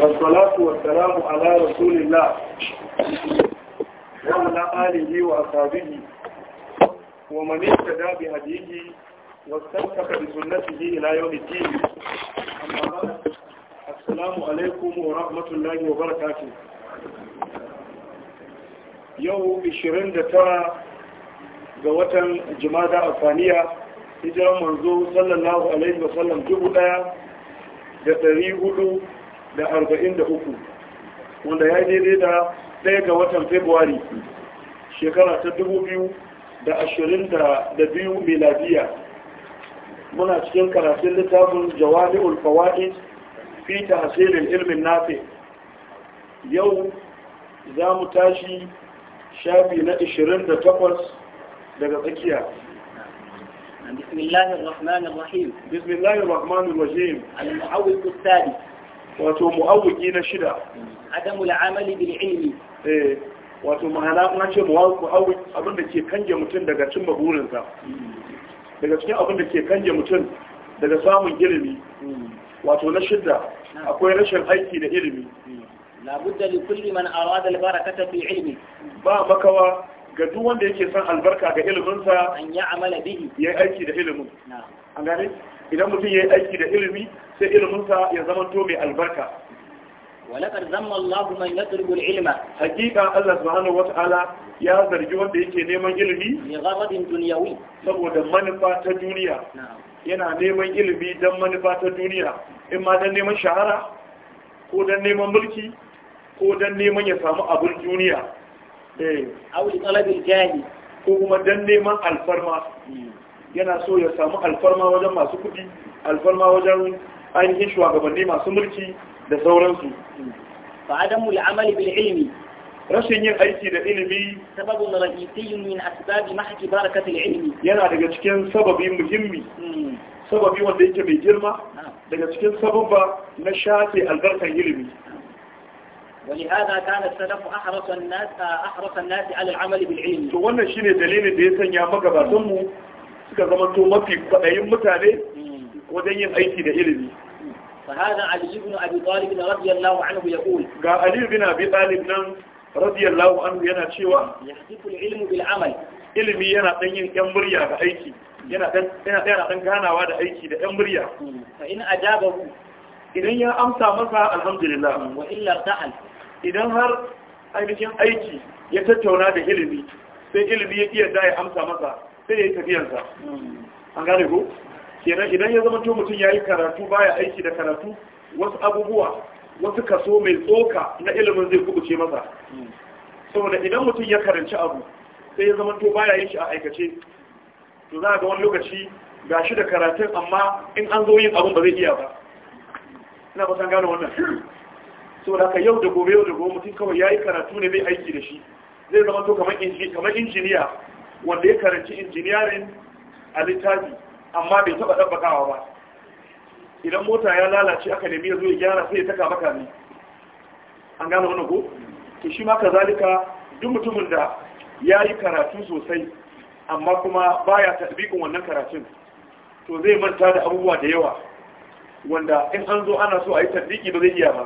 والصلاة والسلام على رسول الله وعلى آله وأصحابه ومن اهتدى بهديه واستمسك بسنته إلى يوم الدين السلام عليكم ورحمة الله وبركاته يوم 29 ga watan jimada الثانية saniya منذ صلى الله عليه وسلم dubu da dari hudu da arba'in da uku wanda ya daidai da ɗaya ga watan februari shekara ta dubu biyu da ashirin da biyu meladiya muna cikin karatun littafin jawami'ul fawa'id fi tasirin ilmin nafi yau za mu tashi shafi na 28 daga tsakiya بسم الله الرحمن الرحيم بسم الله الرحمن الرحيم المعوذ الثالث wato mu'awwiki na shida adamul amali bil ilmi eh wato ma'ana kuma ce mu'awwiki abin da ke kanje mutum daga cin burinsa daga cikin abin da ke kanje mutum daga samun ilimi wato na shida akwai rashin aiki da ilimi labudda li kulli man arada al barakata fi ilmi ba makawa ga duk wanda yake son albarka ga iliminsa an ya amala bihi ya aiki da ilimin an gane idan mutum ya yi aiki da ilimi sai iliminsa ya zama to mai albarka walakar zama Allah ya turgul ilima. hakika Allah subhanahu wataala ya zargi wanda yake neman ilimi ya ghadabin dunyawi saboda manufa ta duniya yana neman ilimi dan manufa ta duniya in ma dan neman shahara ko dan neman mulki ko dan neman ya samu abin duniya eh aw li talabil jahi ko kuma dan neman alfarma hmm. yana so ya samu alfarma wajen masu kuɗi alfarma wajen ainihin shugabanni masu mulki da sauransu fa adamu al'amali bil ilmi rashin yin aiki da ilimi sababun ra'isiyyun min asbabi mahki barakati ilmi yana daga cikin sababi muhimmi sababi wanda yake mai girma daga cikin sababba na shafe albarkar ilimi ولهذا كان السلف أحرص الناس أحرص الناس على العمل بالعلم. وأنا شنو دليل ده يسني يا مجبا suka zama to mafi kwaɗayin mutane wajen yin aiki da ilimi فهذا علي بن أبي طالب رضي الله عنه يقول قال علي بن أبي طالب رضي الله عنه ينا شوى يحدث العلم بالعمل ilimi yana ɗan yin ƴan murya ga aiki yana ɗan ganawa da aiki da ƴan murya hmm. fa in ajabahu idan ya amsa masa alhamdulillah hmm. idan har ainihin aiki ya tattauna da ilimi sai ilimi ya iya da amsa masa sai ya yi tafiyansa an gane ko kenan idan ya zama mutum ya yi karatu baya aiki da karatu wasu abubuwa wasu kaso mai tsoka na ilimin zai kubuce masa saboda idan mutum ya karanci abu sai ya zama to baya yin shi a aikace to za a ga wani lokaci ga shi da karatun amma in an zo yin abin ba zai iya ba ina ba san gano wannan saboda haka yau da gobe yau da gobe mutum kawai ya yi karatu ne mai aiki da shi zai zama to kamar injiniya wanda ya karanci injiniyarin a littafi amma bai taɓa ɗabbakawa ba idan mota ya lalace aka nemi ya zo ya gyara sai ya taka maka ne an gano wani ko to shi ma kazalika duk mutumin da ya yi karatu sosai amma kuma baya tatbikin wannan karatun to zai manta da abubuwa da yawa wanda in an zo ana so a yi tatbiki ba zai iya ba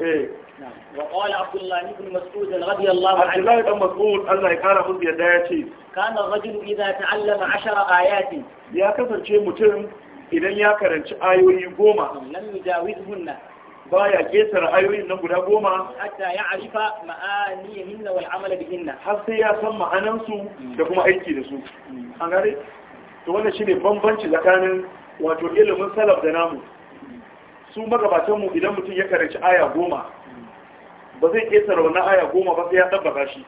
eh وقال عبد الله بن مسعود رضي الله عنه عبد الله بن مسعود da ya خذ يدايتي كان الرجل إذا تعلم عشر آيات يا كثر شيء متم idan ya karanci ayoyi goma lam yujawizhunna baya ketara ayoyin nan guda goma hatta ya arifa ma'aniyihinna wal amala bihinna har sai ya san ma'anansu mm. da kuma aiki da su mm. an gare to shine bambanci tsakanin wato ilimin salaf da namu mm. su magabatan mu idan mutum ya karanci aya goma ba zai ƙetare wannan aya goma ba sai ya ɗabbaka shi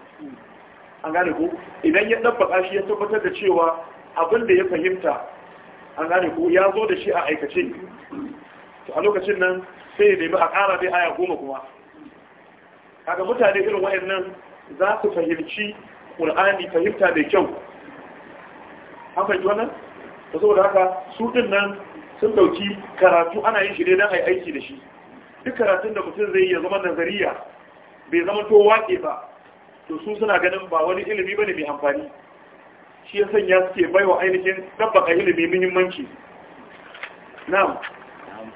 an gane ko idan ya ɗabbaka shi ya tabbatar da cewa abin da ya fahimta an gane ko ya zo da shi a aikace to a lokacin nan sai ya nemi a ƙara dai aya goma kuma kaga mutane irin waɗannan za su fahimci ƙur'ani fahimta da kyau an fahimci wannan Ba saboda haka su din nan sun ɗauki karatu ana yin shi ne don a yi aiki da shi duk karatun da mutum zai yi ya zama nazariya bai zama to waƙe ba to su suna ganin ba wani ilimi ba ne mai amfani shi ya sanya suke bai wa ainihin dabbaka ilimi muhimmanci na'am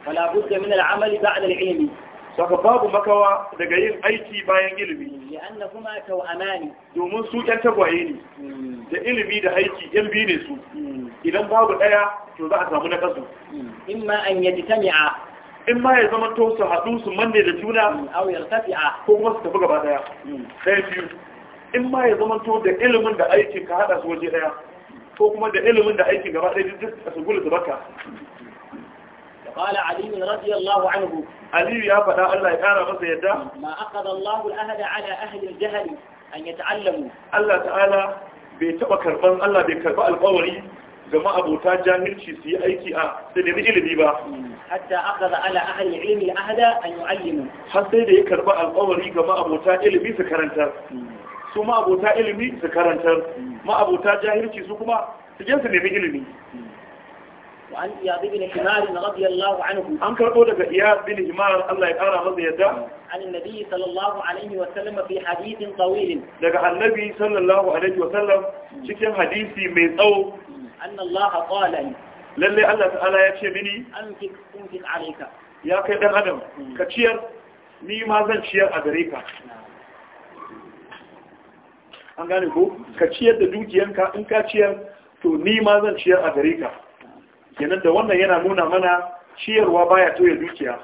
fala budda min al'amali ba'da al'ilmi saka babu makawa daga yin aiki bayan ilimi li'anna kuma tawamani domin su ƴan tagwaye ne hmm. da ilimi da aiki ƴan biyu ne su hmm. idan babu ɗaya to za a samu na kasu hmm. imma an yajtami'a in ma ya zama to su haɗu su manne da juna ko kuma su tafi gaba daya hmm. ɗaya biyu in ma ya zama to da ilimin da aikin ka haɗa su waje ɗaya, ko kuma da ilimin da aikin gaba ɗaya duk a su gula su قال علي رضي الله عنه علي يا فدا الله يقرا masa yadda ما اخذ الله الاهل على اهل الجهل ان يتعلموا الله تعالى bai taba karban Allah bai karba alƙawari ga abota jahilci su yi aiki a sai da ilimi ba hatta akhadha ala an yu'allimu har sai da ya karba alƙawari gama abota ilimi su karanta, su abota ilimi su ma abota jahilci su kuma su je su nemi ilimi وعن إياد بن حمار رضي الله عنه عن كربو لك إياد عن النبي صلى الله عليه وسلم في حديث طويل لك النبي صلى الله عليه وسلم شكل حديثي من أو Lallai Allah lalle Allah ta'ala ya ce mini an fi alayka ya kai dan adam ka ciyar ni ma zan ciyar a gare ka an gane ko ka ciyar da dukiyanka in ka ciyar to ni ma zan ciyar a gare ka kenan da wannan yana nuna mana ciyarwa baya toye dukiya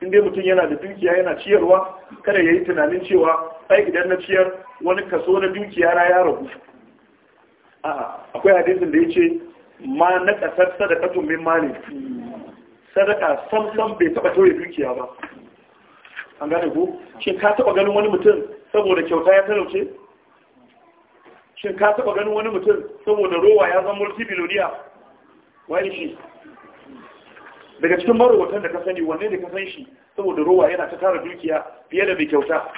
in dai mutum yana da dukiya yana ciyarwa kada ya yi tunanin cewa ai idan na ciyar wani kaso na dukiya na ya rabu. a'a akwai hadisin da ce ma na kasar sadaqatu min mali sadaka sam sam bai taba tauye dukiya ba an gane ku? shin ka taba ganin wani mutum saboda kyauta ya talauce shin ka taba ganin wani mutum saboda rowa ya zama mulki biloniya wani shi daga cikin marubutan da ka sani wanne da ka san shi saboda rowa yana ta tara dukiya fiye da mai kyauta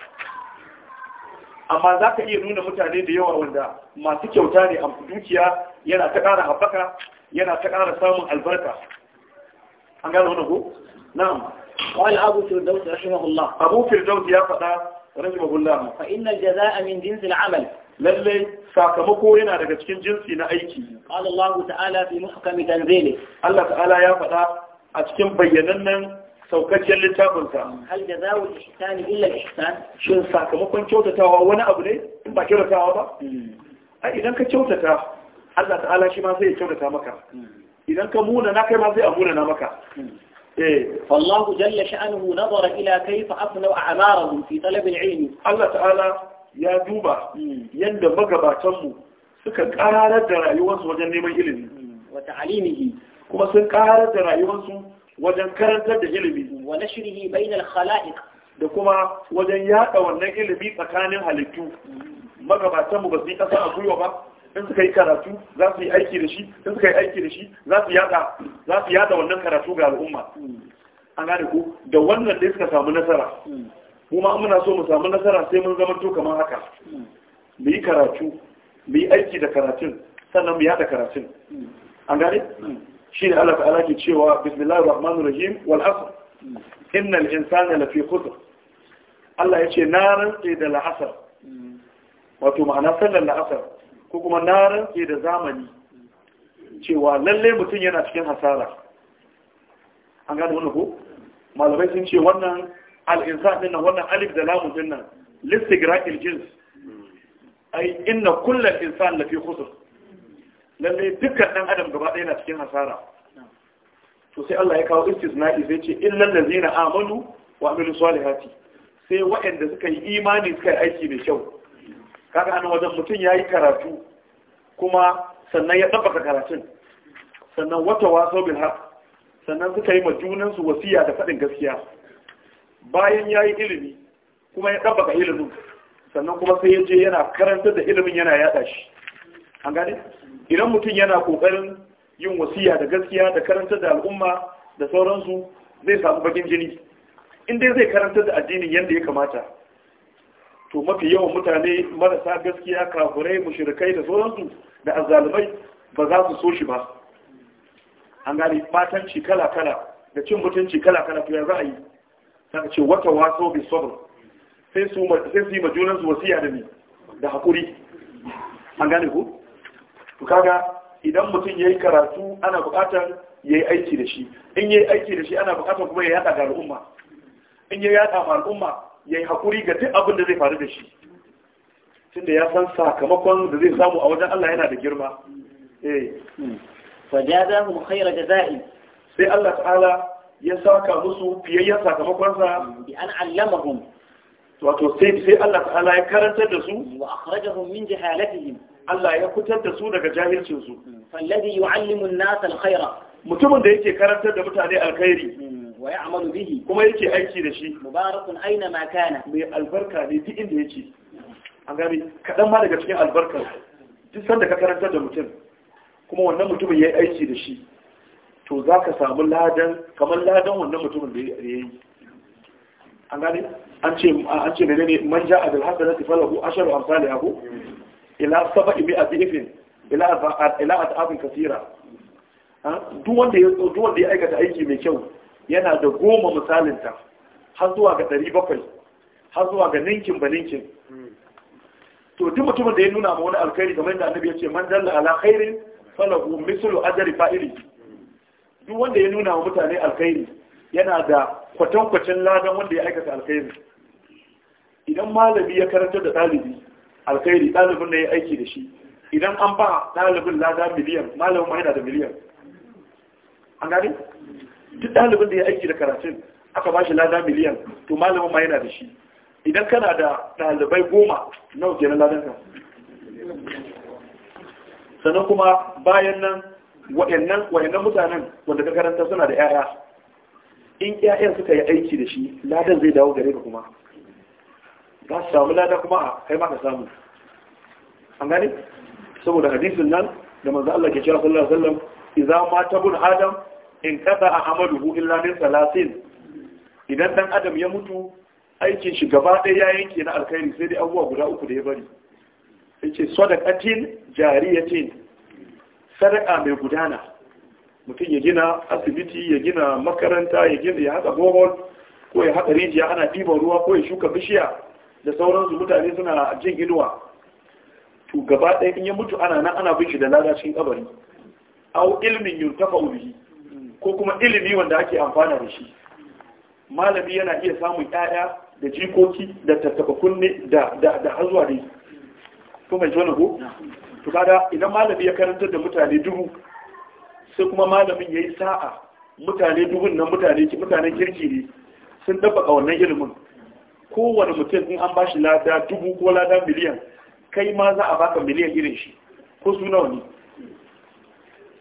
amma za ka iya nuna mutane da yawa wanda masu kyauta ne a dukiya yana ta ƙara haɓaka yana ta ƙara samun albarka an gano wani ko? na'am wani abu firdaus rahimahullah abu firdaus ya faɗa ma ma. fa inna jaza'a min jinsil amal lalle sakamako yana daga cikin jinsi na aiki qala Allah ta'ala fi muhkami tanzili Allah ta'ala ya faɗa a cikin bayyanannen saukaccen littafinsa hal da za zawo ihsani illa ihsan shin sakamakon kyautatawa wani abu ne in ba kyautatawa ba hmm. ai idan ka kyautata Allah ta'ala shi ma zai kyautata maka hmm. idan ka muna na kai ma zai amuna na maka فالله hmm. eh. ila شأنه نظر إلى كيف أفنوا أعمارهم في طلب Allah Ta'ala ya duba دوبا يند مغباتنمو suka ƙarar da rayuwarsu wajen neman ilimi wa ta'alimihi kuma sun ƙarar da rayuwarsu wajen karantar da ilimi wa bai bainal khalaiq da kuma wajen yada wannan ilimi tsakanin halittu magabatanmu ba su yi kasa a gwiwa ba in suka yi karatu za su yi aiki da shi in suka yi aiki da shi za su yada za su yada wannan karatu ga al'umma an gane ko. da wannan da suka samu nasara mu ma muna so mu samu nasara sai mun zama to kamar haka mu yi karatu mu yi aiki da karatun sannan mu yada karatun an gane shi ne Allah ta'ala ke cewa bismillahir rahmanir rahim wal asr innal insana lafi khusr Allah ya ce na da la'asar wato ma'ana sallar la'asar ko kuma na rantse da zamani cewa lalle mutum yana cikin hasara an gane wannan ko malamai sun ce wannan al-insan din nan wannan alif da lamun din nan listigra'il jins ai inna kullal insan lafi khusr lalle dukkan ɗan adam gaba ɗaya na cikin hasara to sai Allah ya kawo istisna'i zai ce illal na amanu wa amilu salihati sai waɗanda suka yi imani suka yi aiki mai kyau kaga an wajen mutum ya yi karatu kuma sannan ya ɗabbaka karatun sannan wata waso bil haq sannan suka yi su wasiya da faɗin gaskiya bayan ya yi ilimi kuma ya ɗabbaka ilimin sannan kuma sai ya je yana karanta da ilimin yana yaɗa shi an gane idan mutum yana kokarin yin wasiya da gaskiya da karanta da al'umma da sauransu zai samu bakin jini inda zai karanta da addinin yadda ya kamata to mafi yawan mutane marasa gaskiya kafurai mushrikai da sauransu da azzalumai ba za su so shi ba an gane fatanci kala kala da cin mutunci kala kala to ya za a yi saka ce wata waso bi sabr sai su sai su yi majunan su wasiya da ni da hakuri an gane ku to kaga idan mutum yayi karatu ana buƙatar yayi aiki da shi in yayi aiki da shi ana buƙatar kuma ya yada ga al'umma in ya yada ma al'umma yayi hakuri ga duk abin da zai faru da shi tunda ya san sakamakon da zai samu a wajen Allah yana da girma eh hmm. fajazahum khayra jazaa'i sai Allah ta'ala ya saka musu fiyayyen sakamakon sa bi an allamahum wato sai sai Allah ta'ala ya karantar da su wa akhrajahum min jahalatihim Allah ya fitar da su daga jahilcin su mm. alladhi yu'allimu an-nasa al-khayra mutumin da yake karantar da mutane alkhairi mm. wa ya'malu bihi kuma yake aiki da shi mubarakun aina makana. kana mai albarka ne duk inda yake an gani kaɗan ma daga cikin albarka duk sanda ka karantar da mutum kuma wannan mutumin ya yi aiki da shi to za ka samu ladan kamar ladan wannan mutumin da ya yi. an gani an ce an ce manja a ja'a bil hasanati falahu asharu abu. ila saba ibi a zifin ila a ta'afin kasira duk wanda ya aikata aiki mai kyau yana da goma misalinta har zuwa ga ɗari bakwai har zuwa ga ninkin ba ninkin to duk mutumin da ya nuna ma wani alkhairi kamar yadda annabi ya ce man dalla ala khairin falahu mislu ajri fa'ili duk wanda ya nuna wa mutane alkhairi yana da kwatankwacin ladan wanda ya aikata alkhairi idan malami ya karanta da ɗalibi alkhairi ɗalibin da ya aiki da shi idan an ba ɗalibin lada miliyan malamin ma yana da miliyan an gani duk ɗalibin da ya aiki da karatun aka ba shi lada miliyan to malamin ma yana da shi idan kana da ɗalibai goma nawa kenan ladan ka sannan kuma bayan nan wa'annan wa'annan mutanen wanda ka karanta suna da 'ya'ya in 'ya'yan suka yi aiki da shi ladan zai dawo gare ka kuma za su samu lada kuma a kai ma ka samu an gane saboda hadisin nan da manzo Allah ke cewa sallallahu alaihi wasallam idza mata bun adam in kada amaluhu illa min salasin idan dan adam ya mutu aikin shi gaba ɗaya ya yanke na alkhairi sai dai abubuwa guda uku da ya bari yace sadaqatin jariyatin sadaqa mai gudana mutum ya gina asibiti ya gina makaranta ya gina ya haka bohol ko ya haka rijiya ana ɗiban ruwa ko ya shuka bishiya da sauransu mutane suna jin inuwa to gaba ɗaya in ya mutu ana nan ana bin shi da lada cikin kabari au ilmin yuntafa bihi ko kuma ilimi wanda ake amfana da shi malami yana iya samun ƴaƴa da jikoki da tattaba kunne da da da hazuwa dai to mai to kada idan malami ya karanta da mutane dubu sai kuma malamin yayi sa'a mutane dubun nan mutane ki mutane kirki ne sun dafa wannan ilimin kowane mutum in an bashi lada dubu ko lada miliyan kai ma za a baka miliyan irin shi ko su nawa ne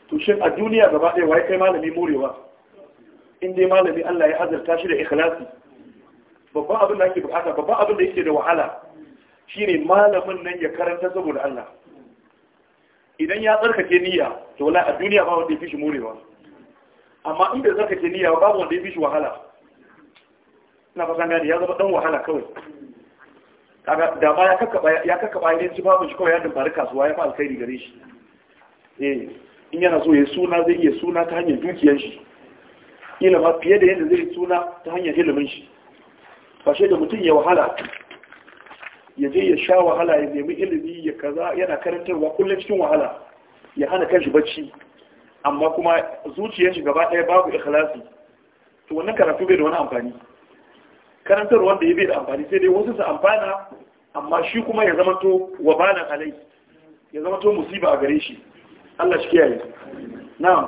to shin a duniya gaba ɗaya waye kai malami morewa in dai malami Allah ya azurta shi da ikhlasi babban abin da ake bukata babban abin da yake da wahala shine malamin nan ya karanta saboda Allah idan ya tsarkake niyya to wala a duniya ba wanda ya fi shi morewa amma in bai tsarkake niyya ba, babu wanda ya fi shi wahala ina fasan gani ya zama dan wahala kawai kaga da ma ya kakkaba ya ne babu shi kawai ya dubbari kasuwa ya fi alkhairi gare shi eh, in yana so ya suna zai iya suna ta hanyar dukiyar shi kila ma fiye da yadda zai suna ta hanyar ilimin shi fashe da mutum ya wahala ya je ya sha wahala ya nemi ilimi ya kaza yana karantarwa kullum cikin wahala ya hana shi bacci amma kuma zuciyar shi gaba ɗaya babu ikhlasi to wannan karatu bai da wani amfani karantar wanda ya bai da amfani sai dai wasu su amfana amma shi kuma ya zama to wa bana alai ya zama to musiba a gare shi Allah shi kiyaye na'am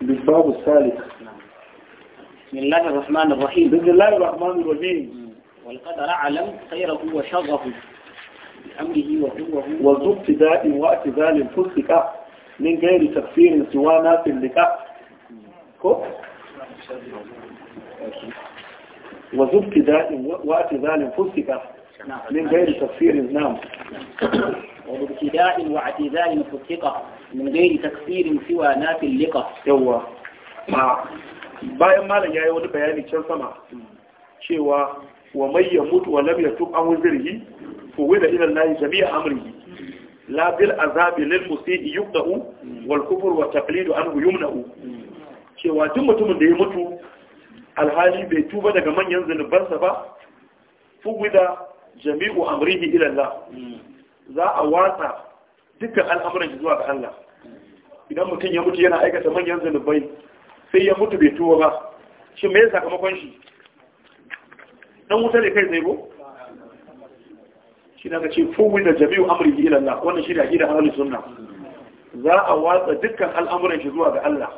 بالباب الثالث بسم الله الرحمن الرحيم بسم الله الرحمن الرحيم ولقد أعلم خيره وشره وذو ابتداء واعتزال فسق من غير تكفير سوى ناس اللقاء وذو ابتداء واعتزال فسق من غير تكفير نعم وابتداء واعتزال فسق من غير تكفير سوى ناس اللقاء يوا bayan malam ya yi wani bayani can sama cewa wa mai ya mutu wa lam ya tub an wuzirhi fuwida ila Allah jami'a amrihi la bil azabi lil musii yuqda'u wal kufr wa taqlidu anhu yumna'u cewa duk mutumin da ya mutu alhali bai tuba daga manyan zunubansa ba fuwida jami'u amrihi ila Allah za a watsa dukkan al'amuran zuwa ga Allah idan mutum ya mutu yana aikata manyan zunubai sai ya mutu bai tuba ba shi me sakamakon shi dan wuta ne kai zai go shi na ce fumin da jami'u amurki ilallah wannan shi da ake da ahalin sunna za a watsa dukkan al'amuran shi zuwa ga Allah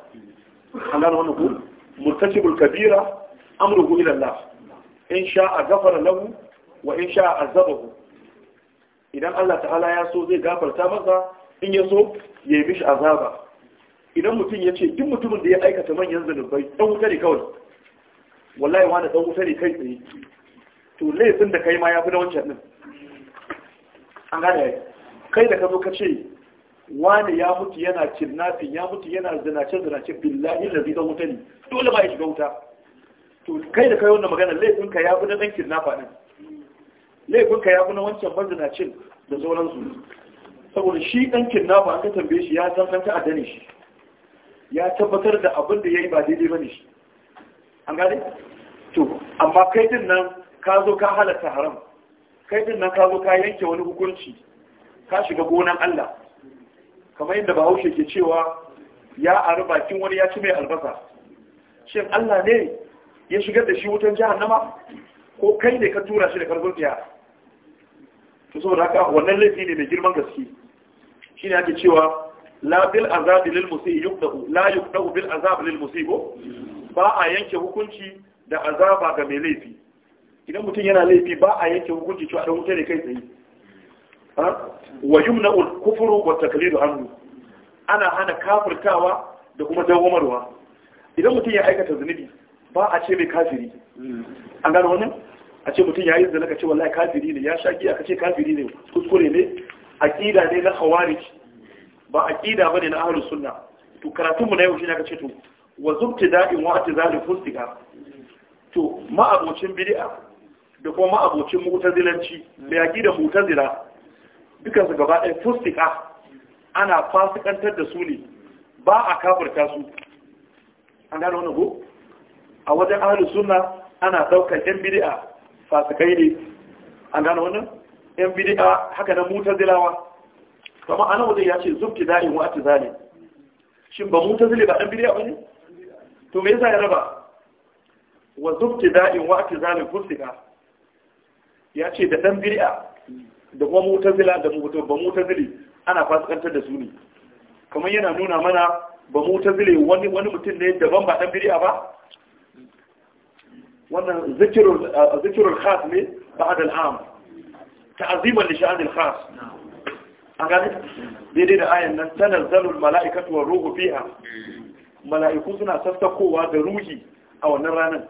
Allah wannan ku murtajibul kabira amruhu ilallah in sha a gafara lahu wa in sha'a azabahu idan Allah ta'ala ya so zai gafarta masa in ya so ya yi mishi azaba idan mutum ya ce duk mutumin da ya aikata manyan zanubai dan wuta ne kawai wallahi wani dan wuta ne kai tsaye to laifin da kai ma ya fi na wancan din an gane kai da ka zo ka ce wani ya mutu yana kidnapping ya mutu yana zinace zinace billahi da zai wuta ne dole ba ya shiga wuta to kai da kai wannan magana laifin ka ya fi na dan kidnapper din laifin ka ya fi na wancan mazinacin da su. saboda shi dan kidnapper an ka tambaye shi ya san kan ta'adda ne shi ya tabbatar da abin da ya yi ba daidai ba ne shi an gane to amma kai din nan ka zo ka halatta haram kai din nan ka zo ka yanke wani hukunci ka shiga gonan Allah kamar yadda bahaushe ke cewa ya ari bakin wani ya ci mai albasa shin Allah ne ya shigar da shi wutan jahannama ko kai ne ka tura shi da karfin fiya to saboda haka wannan laifi ne mai girman gaske shine ake cewa la bil azab lil musii yuqdahu la yuqdahu bil azab lil musibo ba a yanke hukunci da azaba ga mai laifi idan mutum yana laifi ba a yanke hukunci cewa da wuta da kai tsaye wa yumna al kufru wa taqlidu hannu. ana hana kafirtawa da kuma dawomarwa idan mutum ya aikata zunubi ba a ce mai kafiri an gano wannan a ce mutum ya yi zalaka ce wallahi kafiri ne ya sha giya ka ce kafiri ne kuskure ne aqida ne na khawarij ba aqida bane na ahlus sunna to karatun mu na yau shine ka ce to wa zubtida'in wa atizalul fustiqa to ma abocin bid'a da kuma ma'abocin mutazilanci mai yaki da mutazila dukansu gaba ɗaya fustika ana fasikantar da su ne ba a kafarta su an gano wani go a wajen ahalu suna ana ɗaukar yan bidi'a fasikai ne an gano wani yan bidi'a haka na mutazilawa kama ana wajen ya ce zubti da'in wa ati zane? shin ba mutazili ba ɗan bidi'a ba to me yasa ya raba wa zubti da'in wa ati zane fustika ya ce da ɗan bid'a da kuma mutazila da mutu ba mutazili ana fasikantar da su ne kamar yana nuna mana ba mutazili wani wani mutum ne daban ba ɗan bid'a ba wannan zikirul khas ne ba'd al-am ta'ziman li sha'an al-khas an gane daidai da ayan nan tanazzalul mala'ikatu war ruhu fiha mala'iku suna sassakowa da ruhi a wannan ranar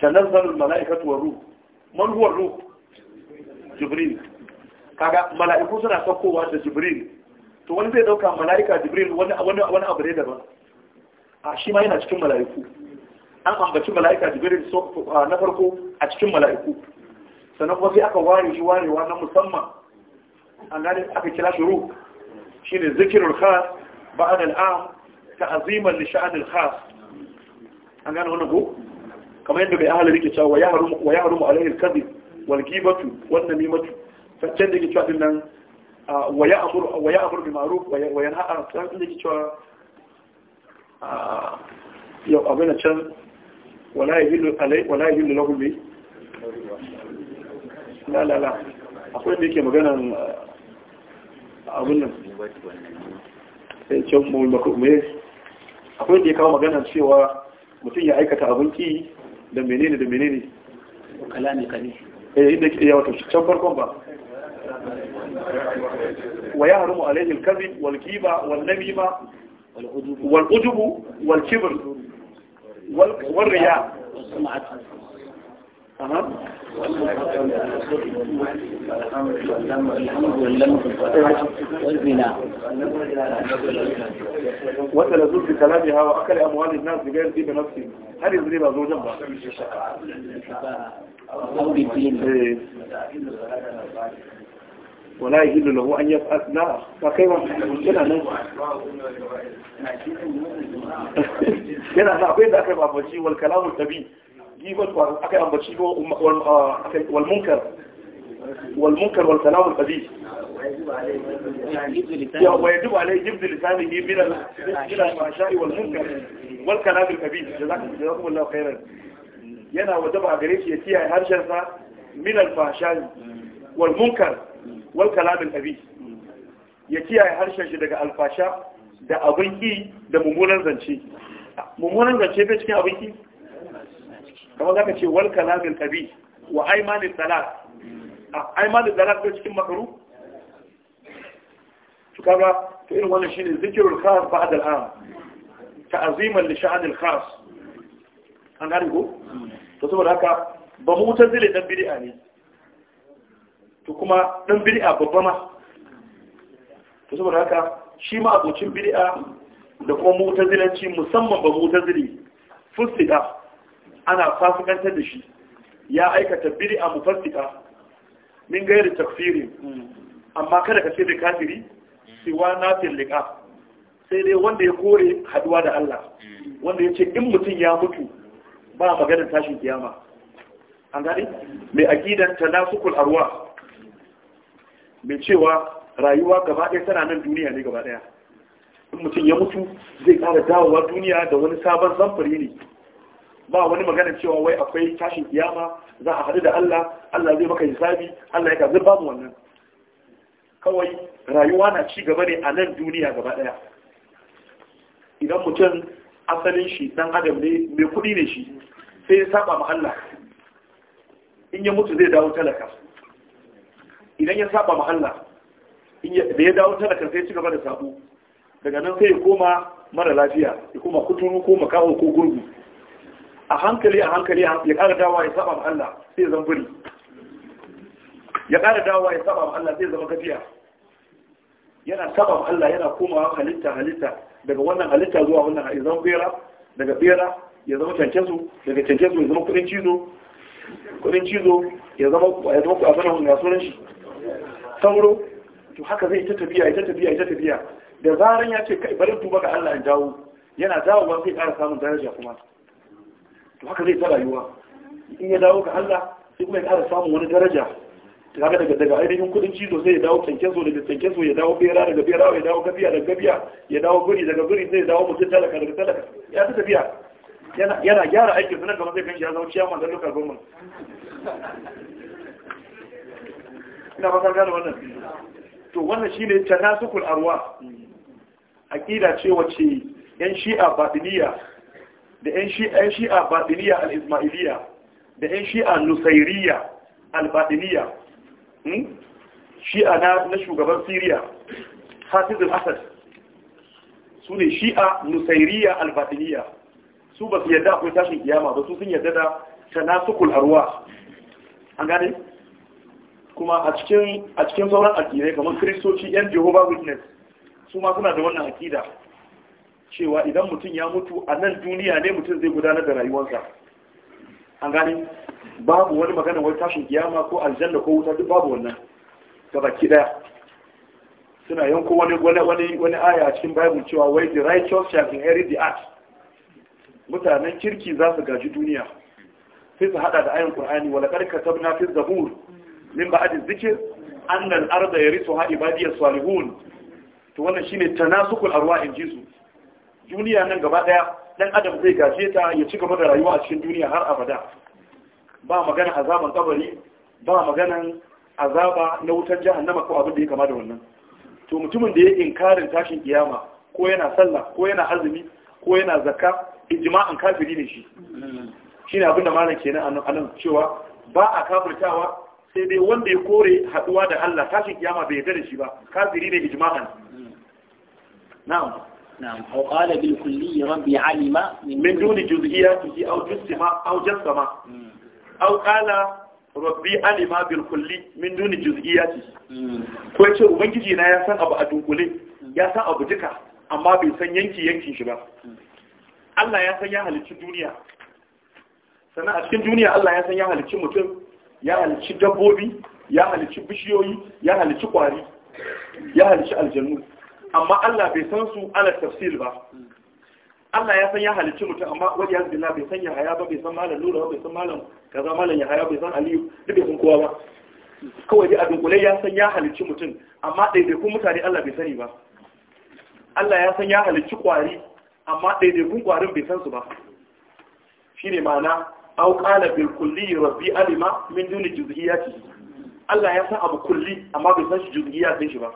tanazzalul mala'ikatu war ruhu man huwa ruh jibril kaga mala'iku suna sakowa da jibril to wani zai dauka mala'ika jibril wani wani abu ne daban a shi ma yana cikin mala'iku an ambaci mala'ika jibril na farko a cikin mala'iku sannan kuma sai aka ware shi warewa na musamman an gane aka kira shi ruh shine zikirul khas ba'an al'am ta'ziman li sha'an al khas an gane wannan ko kamar yadda bai ahalar yake cewa wa ya harumu alayhi kadhib wal ghibatu wan namimatu fatan da yake cewa dinnan wa ya amuru wa ya amuru bi ma'ruf wa yanha an san da yake cewa yau abuna can wala yahillu alayhi wala yahillu lahu bi la la la akwai da yake magana abun nan sai eh, ce mu akwai da ya kawo cewa mutum ya aikata abin ki da menene da menene kalami kane eh inda ya wato can farkon ba wa yahrumu alayhi al-kadhib wal ghiba wal namima wal ujubu wal kibr wal riya تمام وتلذذ بكلامها واكل اموال الناس بغير دين نفسي هل يضرب زوجا ولا يحل له ان يسأل لا فكيف كده نو كده نعبد اكبر والكلام الطبيعي gibat wa aka ambaci wal munkar wal munkar wal kalam al qadi ya wa yajibu alayhi jibd lisanihi min al ila al wal munkar wal kalam al kabi jazakum Allahu yana wajaba gare shi ya kiyaye harshen sa min al fahsha'i wal munkar ya harshen shi daga alfasha da da zance zance cikin abin kamar zaka ce wal kalamin qabi wa aimanin salat aimanin ah, salat ko cikin makaru to kaga to irin wannan shine zikrul khas ba'da al-am ta'ziman li sha'n al-khas an gane ko to saboda haka ba mu zile dan bid'a ne to kuma dan bid'a babba ma to saboda haka shi ma abocin bid'a da kuma mutazilanci musamman ba mutazili fusida ana fasikantar da shi ya aikata biri a mufassika min gairi takfiri amma kada ka ce bai kafiri siwa na liqa sai dai wanda ya kore haduwa da Allah wanda ya ce in mutum ya mutu ba maganar tashin kiyama an gani mai aqidan tanasukul arwa mai cewa rayuwa gaba ɗaya tana nan duniya ne gaba ɗaya in mutum ya mutu zai ƙara dawowa duniya da wani sabon zamfari ne ba wani magana cewa wai akwai tashin kiyama za a haɗu da Allah Allah zai maka hisabi Allah ya kaza babu wannan kawai rayuwa na ci gaba ne a nan duniya gaba ɗaya idan mutum asalin shi dan adam ne mai kuɗi ne shi sai ya saba ma Allah in ya mutu zai dawo talaka idan ya saba ma Allah da ya dawo talaka sai ci gaba da sabo daga nan sai ya koma mara lafiya ya koma kuturu ko makaho ko gurgu a hankali a hankali ya ƙara dawa ya saba Allah sai zan buri ya ƙara dawa ya saba Allah sai zama kafiya yana saba Allah yana komawa halitta halitta daga wannan halitta zuwa wannan ya zama bera daga bera ya zama cancansu daga cancansu ya zama kudin cizo kudin cizo ya zama ya zama kuɗa wani sunan shi sauro to haka zai ta tafiya ta tafiya ta tafiya da zaran ya ce kai bari tuba ga Allah ya dawo yana dawowa sai ƙara samun daraja kuma to haka zai tara yiwa in ya dawo ga Allah sai kuma ya ƙara samun wani daraja ta haka daga daga ainihin kudin cizo sai ya dawo kyankyaso daga kyankyaso ya dawo bera daga bera ya dawo gabiya daga gabiya ya dawo guri daga guri sai ya dawo mutum talaka daga talaka ya ta tafiya yana gyara aiki sanar gaba zai kanshi ya zama ciyaman don lokal gwamnati ina ba gane wannan to wannan shine nasukul arwa aqida ce wace yan shi'a batiniya da yan shi'a baɗiniya al da yan shi'a nusairiya al-batiniya hmm? shi'a na shugaban siriya hafiz al su ne shi'a nusairiya al-batiniya su ba su yadda akwai tashin kiyama ba su sun yadda da su arwa an gane kuma a cikin sauran addinai kamar kristoci yan jehovah witness su ma suna da wannan akida cewa idan mutum ya mutu a nan duniya ne mutum zai gudanar da rayuwarsa an gani babu wani magana wai tashin kiyama ko aljanna ko wuta duk babu wannan gaba ki daya suna yanko wani wani wani aya a cikin bible cewa wai the righteous shall inherit the earth mutanen kirki za su gaji duniya sai su hada da ayin qur'ani wala qad katabna fi zabur min ba'd dhikr anna al-ardha yarithuha ibadiyas salihun to wannan shine tanasukul arwah in jisu duniya nan gaba daya dan adam zai gaje ta ya ci gaba da rayuwa a cikin duniya har abada ba magana azaban kabari ba maganan azaba na wutar jahannama ko abin da ya kama da wannan to mutumin da ya inkarin tashin kiyama ko yana sallah ko yana azumi ko yana zakka ijma'an kafiri ne shi shine abin da malam kenan anan cewa ba a kafirtawa sai dai wanda ya kore haduwa da Allah tashin kiyama bai yarda da shi ba kafiri ne ijma'an na'am نعم أو قال بالكلي ربي علم من دون جزئياته أو جسم أو جسم أو قال ربي علم بالكلي من دون duni كويتش hmm. hmm. ko yace ubangiji na ya san abu a dunkule ya san abu duka amma bai san yanki yankin يا ba hmm. Allah ya san ya sannan a cikin duniya Allah ya san ya halicci mutum ya halicci dabbobi ya halicci bishiyoyi ya halicci kwari ya halicci aljannu amma Allah bai san su ala tafsil ba Allah ya san ya halicci mutum amma wani ya zubila bai san Yahaya ba bai san malam Lura ba bai san malam kaza malam Yahaya bai san Aliyu duk bai san kowa ba kawai dai a dunkule ya san ya halicci mutum amma ɗaiɗaikun mutane Allah bai sani ba Allah ya san ya halicci kwari amma ɗaiɗaikun kwarin bai san su ba shine ma'ana aw qala bil kulli rabbi alima min duni juzhiyati Allah ya san abu kulli amma bai san shi juz'iyya shi ba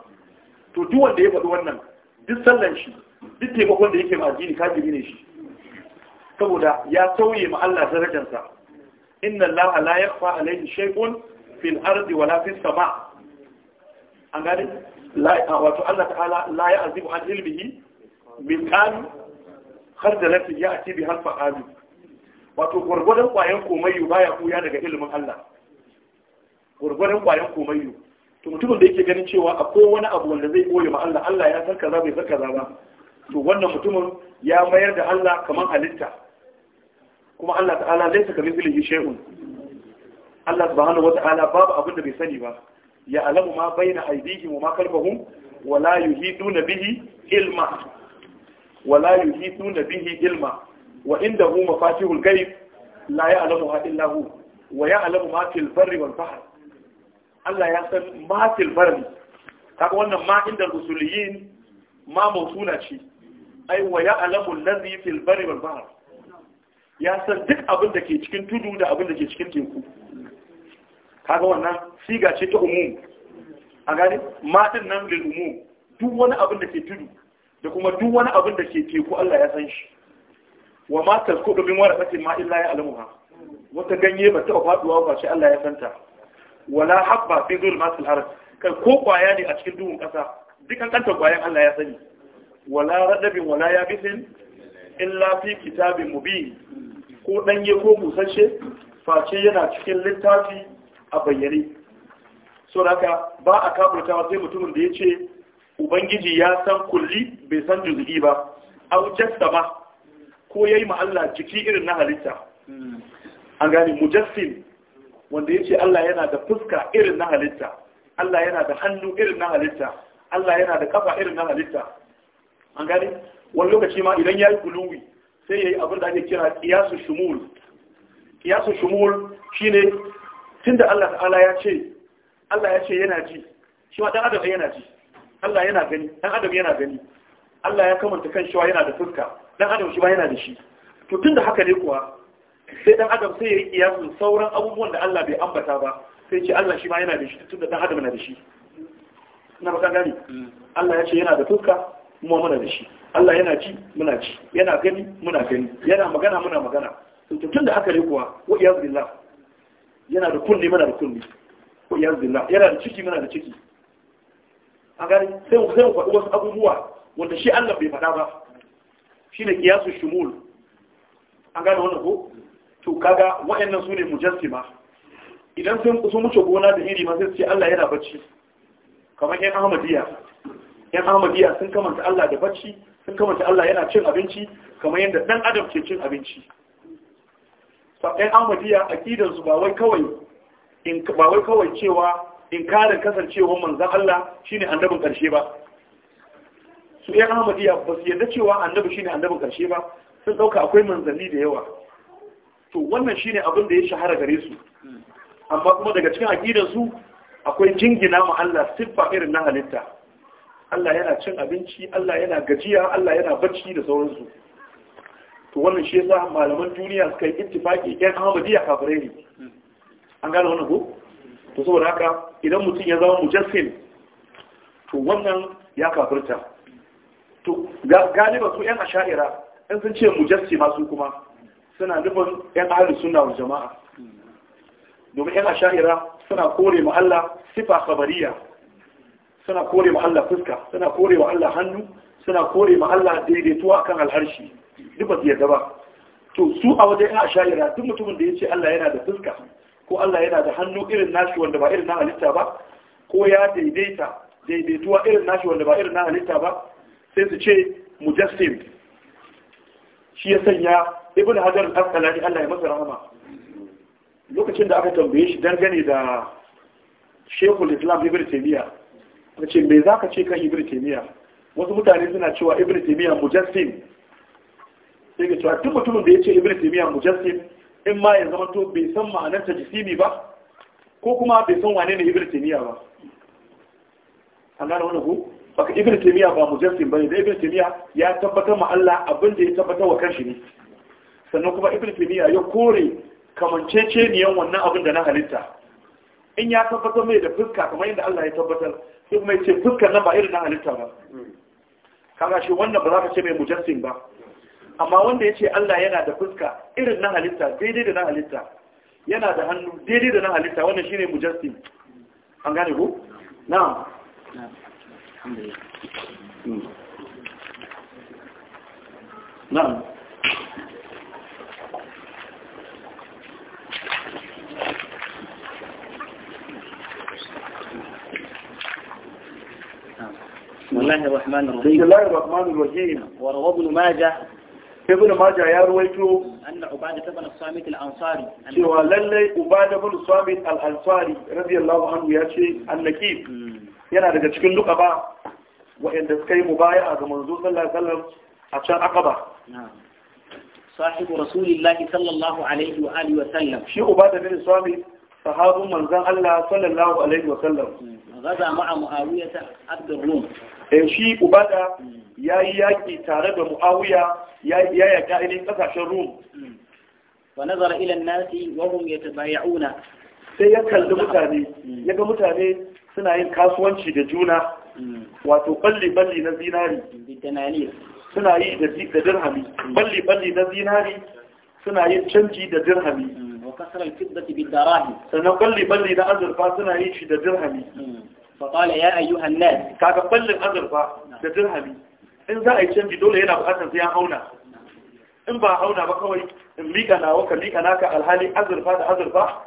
to duk wanda ya faɗi wannan duk sallan shi duk taimakon da yake ma addini kafiri ne shi saboda ya sauye ma Allah darajarsa inna Allah la yakhfa alayhi shay'un fil ardi wala fis sama' an gane wato Allah ta'ala la ya'zibu an ilmihi min kan khardalati ya'ti bi harfa alim wato gurgurdan kwayan komayyo baya kuya daga ilimin Allah gurgurdan kwayan komai. to mutumin da yake ganin cewa akwai wani abu wanda zai boye ma Allah Allah ya san kaza bai san kaza ba to wannan mutumin ya mayar da Allah kaman halitta kuma Allah ta'ala laysa kamithlihi shay'un Allah subhanahu wata'ala babu abin da bai sani ba ya alamu ma baina aydihim wa ma khalfahum wa la yuhituna bihi ilma wa la yuhituna bihi ilma wa indahu mafatihul ghaib la ya'lamuha illa hu wa ya'lamu ma fil barri wal bahr Allah ya san matil barin kaga wannan ma inda usuliyin ma mawsuna ce ai wa ya'lamu allazi fil barri wal bahr ya san duk abin da ke cikin tudu da abin da ke cikin teku kaga wannan siga ce ta umum a gare matin nan lil umum duk wani abin da ke tudu da kuma duk wani abin da ke teku Allah ya san shi wa ma tasku bi waraqatin ma illa ya'lamuha wata ganye ba ta faduwa ba sai Allah ya santa wala habba fi zulmatil ard kai ko kwaya ne a cikin duhun ƙasa? dukan kanta kwayan Allah ya sani wala radabin wala ya bisin illa fi kitabin mubin ko danye ko busasshe face yana cikin littafi a bayyane so haka ba a kafurtawa sai mutumin da ya ce ubangiji ya san kulli bai san juzu'i ba au ba ko yayi ma Allah jiki irin na halitta an gani mujassim wanda ya ce Allah yana da fuska irin na halitta Allah yana da hannu irin na halitta Allah yana da kafa irin na halitta an gane wani lokaci ma idan ya yi guluwi sai ya yi abin da ake kira kiyasu shumul kiyasu shumul tun da Allah ta'ala ya ce Allah ya ce yana ji shi ma dan adam yana ji Allah yana gani dan adam yana gani Allah ya kamanta kan shi yana da fuska dan adam shi ba yana da shi to tun da haka ne kuwa sai dan adam sai ya yi kiyasin sauran abubuwan da Allah bai ambata ba sai ce Allah shi ma yana da shi da dan adam na da shi na baka gani mm. Allah ya ce yana da fuska kuma muna da shi Allah yana ci muna ci yana gani muna gani yana magana muna magana tun da haka ne kuwa wa iyaz billah yana da kunni muna da kunni wa iyaz billah yana da ciki muna da ciki a gani sai mu sai mu faɗi wasu abubuwa wanda shi Allah bai faɗa ba shine kiyasu shumul an gane wannan ko to kaga waɗannan su ne mujassima idan sun kusa wuce gona da iri ma sai ce Allah yana bacci kamar yan Ahmadiyya yan Ahmadiyya sun kamanta Allah da bacci sun kamanta Allah yana cin abinci kamar yadda dan adam ke cin abinci yan Ahmadiyya akidan su ba wai kawai in ba wai kawai cewa in karin kasancewar manzon Allah shine annabin karshe ba su yan Ahmadiyya ba su yarda cewa annabi shine annabin karshe ba sun dauka akwai manzanni da yawa to wannan shine abin da ya shahara gare su amma kuma daga cikin aqidar su akwai jingina ma Allah siffa irin na halitta Allah yana cin abinci Allah yana gajiya Allah yana bacci da sauransu to wannan shi yasa malaman duniya suka yi ittifaki ƴan Ahmadiyya kafirai an gane wannan ko to saboda haka idan mutum ya zama mujassim to wannan ya kafirta to galiba su ƴan asha'ira in sun ce mujassima su kuma suna nufin ‘yan ahalin suna wa jama'a domin ‘yan asha'ira suna kore ma Allah sifa kabariya suna kore ma Allah fuska suna kore ma Allah hannu suna kore ma Allah daidaituwa kan alharshi duk ba su ba to su a wajen ‘yan asha'ira duk mutumin da ya ce Allah yana da fuska ko Allah yana da hannu irin nashi wanda ba irin na halitta ba ko ya daidaita daidaituwa irin nashi wanda ba irin na halitta ba sai su ce mujassim shi ya sanya ibn hajar al-asqalani Allah ya masa rahama lokacin da aka tambaye shi gane da al islam ibn taymiya ta ce me zaka ce kan ibn taymiya wasu mutane suna cewa ibn taymiya mujassim sai ga cewa duk mutumin da ya ce ibn taymiya mujassim in ma ya zama to bai san ma'anar ta tajsimi ba ko kuma bai san wane ne ibn taymiya ba an gane wannan ko baka ibn taymiya ba mujassim bane da ibn taymiya ya tabbatar ma Allah abin da ya tabbatar wa kanshi ne sannan kuma ibn taymiya ya kore kamanceceniyan wannan abin da na halitta in ya tabbatar mai da fuska kamar yadda Allah ya tabbatar sai kuma yace ce fuskar nan ba irin na halitta ba kaga shi wannan ba za ka ce mai mujassim ba amma wanda ya ce Allah yana da fuska irin na halitta daidai da na halitta yana da hannu daidai da na halitta wannan shine mujassim an gane ko na'am na'am بسم الله الرحمن الرحيم بسم الله الرحمن الرحيم وروى ابن ماجه ابن ماجه يرويته أن عبادة بن الصامت الأنصاري سوى للي عبادة بن الصامت الأنصاري رضي الله عنه يأتي النكيب يعني هذا تكون لقبا وإن تسكي مبايعة منذور صلى الله عليه وسلم عشان عقبة نعم صاحب رسول الله صلى الله عليه وآله وسلم شيء عبادة بن الصامت Sahabun manzan Allah sallallahu alaihi wa sallam gaza ma'a muawiya ta rum eh, shi ubada yayi yaƙi tare da muawiya yayi ya yaka ainihin kasashen rum fa nazara ila nasi wa hum yatabay'una sai ya kalli mutane hmm. ya ga mutane suna yin kasuwanci da juna hmm. wato balli balli na zinari suna yi da dirhami hmm. balli balli na zinari suna yin canji da dirhami وكسر الفضة بالدراهم سنقل بلي ذا أزر فاسنا يشي درهمي فقال يا أيها الناس كاك بلي الأزر فا ذا درهمي إن ذا أيشان بدول هنا بغسن زيان هنا إن با هونا بقوي إن ليكنا وكا ليكنا كالهالي أزر فا ذا أزر فا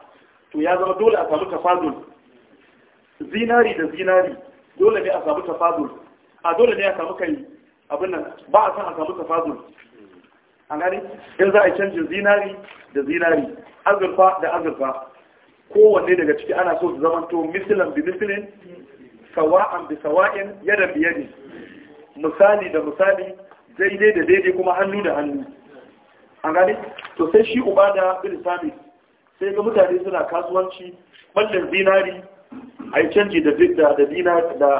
ويا ذا دول أسالوك فاضل زيناري ذا زيناري دول لي أسالوك فاضل أدول آه، لي أسالوك أبنى بعثا أسالوك فاضل أنا إن ذا أيشان جزيناري ذا زيناري azurfa da azurfa kowanne daga ciki ana so su zamanto misilan bi misilin sawa'an bi sawa'in yadan bi yadi misali da misali daidai da daidai kuma hannu da hannu an gani? to sai shi uba da bin sami sai ga mutane suna kasuwanci ballin zinari a yi canji da da dinari da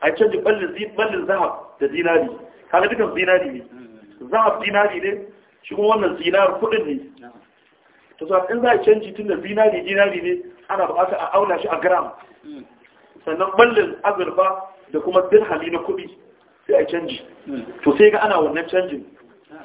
a yi canji ballin zahab da dinari kaga dukan zinari ne zahab dinari ne shi kuma wannan zinar kudin ne ta zuwa in za a canji tun da dinari dinari ne ana buƙatar a auna shi a gram hmm. sannan ballin azurfa da kuma dirhami na kuɗi sai a canji hmm. to sai ga ana wannan canjin ah.